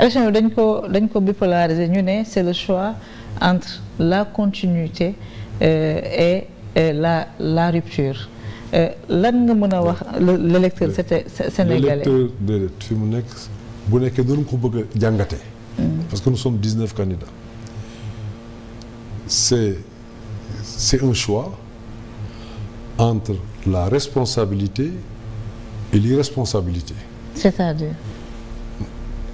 élection bi dañ ko dañ ko bipolariser ñu ne c'est le choix entre la continuité euh, et, et euh, la la rupture euh, lan nga mën a wax l'électeur c'était sénégalais l'électeur déedéet fi mu nekk bu nekkee noonu ko bëgg jàngate jàngatee hmm. parce que nous sommes dix-neuf candidats c'est c'est un choix entre la responsabilité et l'irresponsabilité c'est-à-dire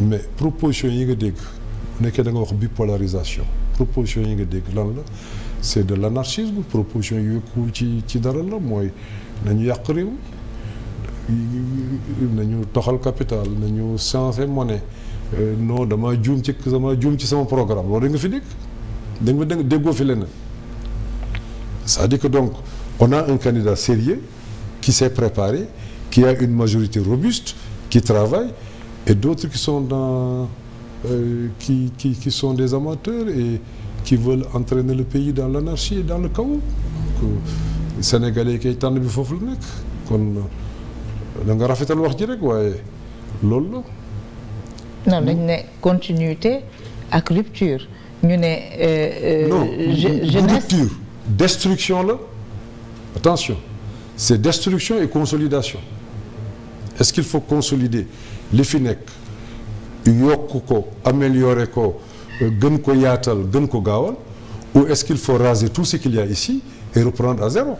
mais proposition yi nga dégg bu nekkee da nga wax bipolarisation proposition yi nga dégg lan la c'est de la l'anarchisme proposition yu kuul ci ci dara la mooy nañu yàq réew nañu toxal capital nañu changer monnaie euh, non dama juum ci sama juum ci sama programme loolu da nga fi dégg da nga déggoo fi leneen c'est-à-dire que donc on a un candidat sérieux qui s'est préparé qui a une majorité robuste qui travaille et d'autres qui sont dans euh, qui qui qui sont des amateurs et qui veulent entraîner le pays dans l'anarchie et dans le chaos donc euh, sénégalais kay tànn bi foofu la nekk kon euh, da nga rafetal wax ji rek waaye loolu la. non dañ ne continuité ak rupture ñu ne. Euh, non jeunesse rupture destruction la attention c'est destruction et consolidation est-ce qu'il faut consolider. li fi nekk yokk ko améliorer ko gën ko yaatal gën ko gaawal ou est-ce qu'il faut raser tout ce qu'il y a ici et reprendre à zéro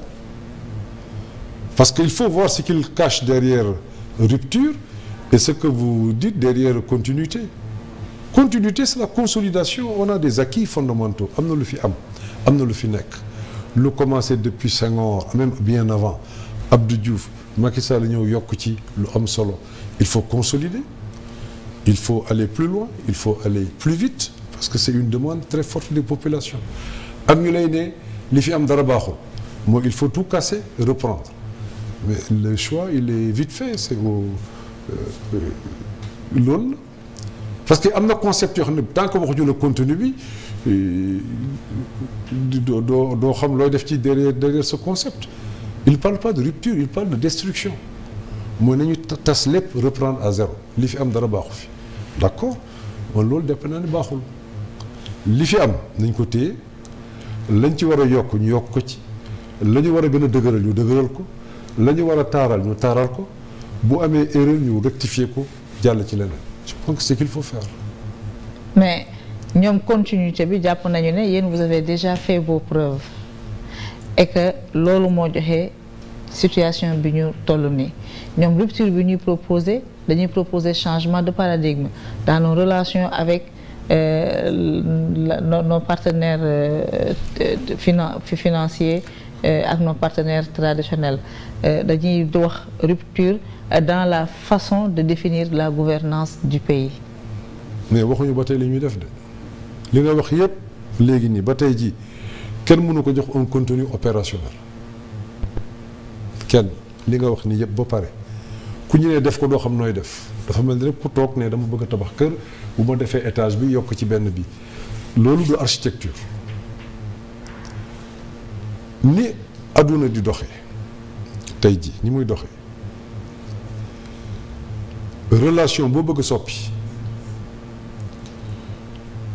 parce qu'il faut voir ce qu'il cache derrière rupture et ce que vous dites derrière continuité continuité c'est la consolidation on a des acquis fondamentaux am na lu fi am am na lu fi nekk lu commencé depuis Senghor même bien avant Abdou Diouf Macky Sall ñëw yokk ci lu am solo il faut consolider il faut aller plus loin il faut aller plus vite parce que c'est une demande très forte des population am ñu lay ne li fi am dara baaxul mooy il faut tout casser et reprendre mais le choix il est vite fait c'est au euh, euh, loolu parce que am na concept yoo xam ne tant que waxuñu le contenu bi euh, doo doo doo xam looy def ci derrière derrière ce concept il parle pas de rupture il parle de destruction mooy nañu tas lépp reprendre à zéro li fi am dara baaxu fi d'accord man loolu depp naa ne baaxul li fi am nañ ko téye lañ ci war a yokk ñu yokk ko ci lañu war a gën a dëgëral ñu dëgëral ko la war a taaral ñu taaral ko bu amee erreur ñu rectifier ko jàll ci leneen je pense que c'est qu'il faut faire mais ñoom continuité bi jàpp nañu ne yéen vous avez déjà fait vos preuves et que loolu moo joxe situation bi ñu toll nii ñoom rupture bi ñuy proposer dañuy proposer changement de paradigme dans nos relation avec euh, nos, partenaire partenaires euh, financiers euh, ak nos partenaires traditionnels euh, dañuy wax rupture dans la façon de définir la gouvernance du pays mais waxuñu ba tey li ñuy def de li nga wax yëpp léegi nii ba tey ji kenn mënu ko jox un contenu opérationnel kenn li nga wax nii yëpp ba pare ku ñu nee def ko doo xam nooy def dafa mel ni rek ku toog ne dama bëgg tabax kër bu ma defee étage bi yokk ci benn bi loolu du architecture ni àdduna di doxee tey ji ni muy doxee relation boo bëgg a soppi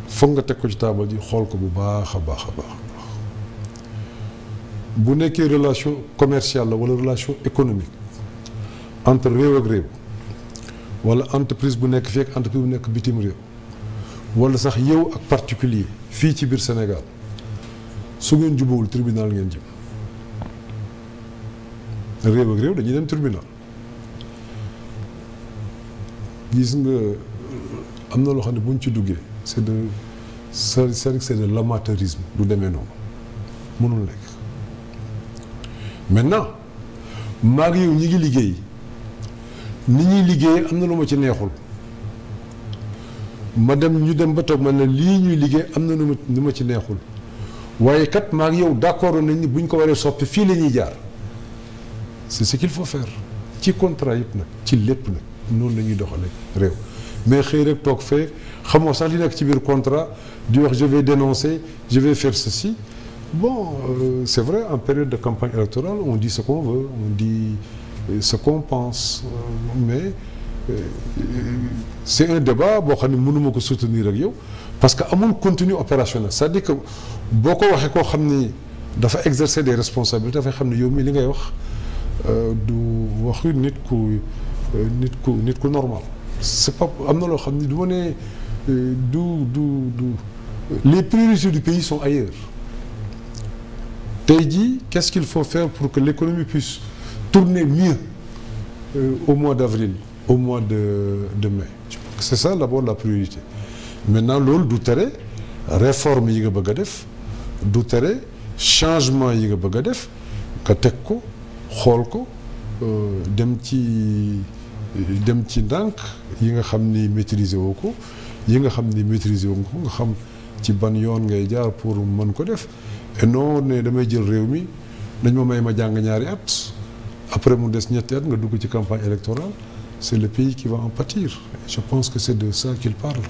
foog nga teg ko ci taabal ji xool ko bu baax a baax a baax bu nekkee relation commercial la walla relation économique entre réew ak réew wala entreprise bu nekk fii ak entreprise bu nekk bitim réew wala sax yow ak particulier fii ci biir Sénégal su ngeen jubawul tribunal ngeen jëm réew ak réew dañuy dem tribunal gis nga am na loo xam ne buñ ci duggee c'est de c'est c'est de l'amateurisme du demee noonu mënul nekk maintenant maa ngi yow ñi ngi liggéey. ni ñuy liggéey am na lu ma ci neexul ma dem ñu dem ba toog ma lii ñuy liggéey am na lu ma lu ma ci neexul waaye kat maa ngi yow d'accord nañ ni buñ ko waree soppi fii la ñuy jaar c'est ce qu'il faut faire ci contrat yëpp nag ci lépp nag noonu lañuy ñuy doxalee réew mais xëy rek toog fee xamoo sax li nekk ci biir contrat di wax je vais dénoncer je vais faire ceci bon euh, c'est vrai en période de campagne électorale on dit ce qu'on veut on dit ce qu'on pense euh, mais euh, c'est un débat boo xam ne mënuma ko soutenir ak yow parce que amul contenu opérationnel c'est-à-dire que boo ko waxee koo xam ni dafa exercer des responsabilités dafay xam ne yow mii li ngay wax euh, du waxu nit ku nit ku nit ku normal c'est pas am na loo xam ne du ma ne du du du les priorités du pays sont ailleurs tey jii qu'est-ce qu'il faut faire pour que l'économie puisse tourner mieux euh, au mois d'avril au mois de de mai c'est ça d'abord la priorité maintenant loolu du tere réforme yi nga bëgg a def du tere changement yi nga bëgg a def nga teg ko xool ko euh, dem ci dem ci ndànk yi nga xam ni maîtriser woo ko yi nga xam ni maîtriser woo ko nga xam ci ban yoon ngay jaar pour mën ko def et non ne damay jël réew mi dañ ma may ma jàng ñaari at après mu des ñetti nga dugg ci campagne électorale c'est le pays qui va en pâtir je pense que c'est de ça qu'il parle